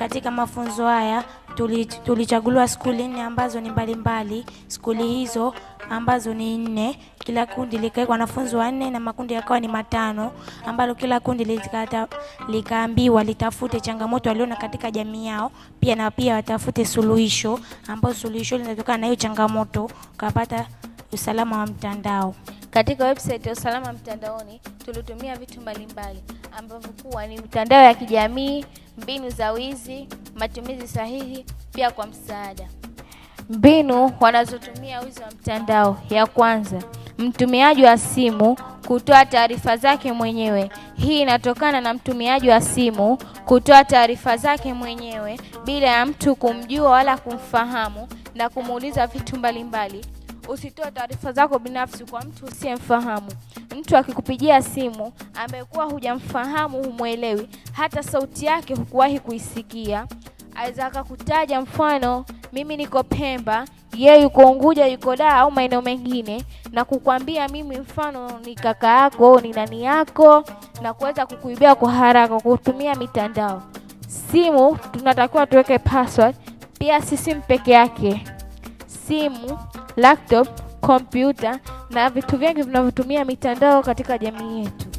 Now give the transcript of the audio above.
Katika mafunzo haya tulichaguliwa skuli nne ambazo ni mbalimbali. Skuli hizo ambazo ni nne, kila kundi likawekwa wanafunzi wanne na makundi yakawa ni matano, ambalo kila kundi likaambiwa litafute changamoto waliona katika jamii yao, pia na pia watafute suluhisho, ambayo suluhisho linatokana na hiyo changamoto, ukapata usalama wa mtandao. Katika website ya usalama mtandaoni tulitumia vitu mbalimbali ambavyo kuwa ni mitandao ya kijamii mbinu za wizi, matumizi sahihi, pia kwa msaada. Mbinu wanazotumia wizi wa mtandao: ya kwanza, mtumiaji wa simu kutoa taarifa zake mwenyewe. Hii inatokana na mtumiaji wa simu kutoa taarifa zake mwenyewe bila ya mtu kumjua wala kumfahamu na kumuuliza vitu mbalimbali. Usitoe taarifa zako binafsi kwa mtu usiyemfahamu. Mtu akikupigia simu ambaye kuwa hujamfahamu, humwelewi, hata sauti yake hukuwahi kuisikia, aweza akakutaja mfano, mimi niko Pemba, yeye yuko Unguja, yuko Dar au maeneo mengine, na kukwambia mimi mfano ni kaka yako, ni nani yako, na kuweza kukuibia kwa haraka kutumia mitandao. Simu tunatakiwa tuweke password pia, si simu peke yake, simu, laptop, kompyuta na vitu vingi vinavyotumia mitandao katika jamii yetu.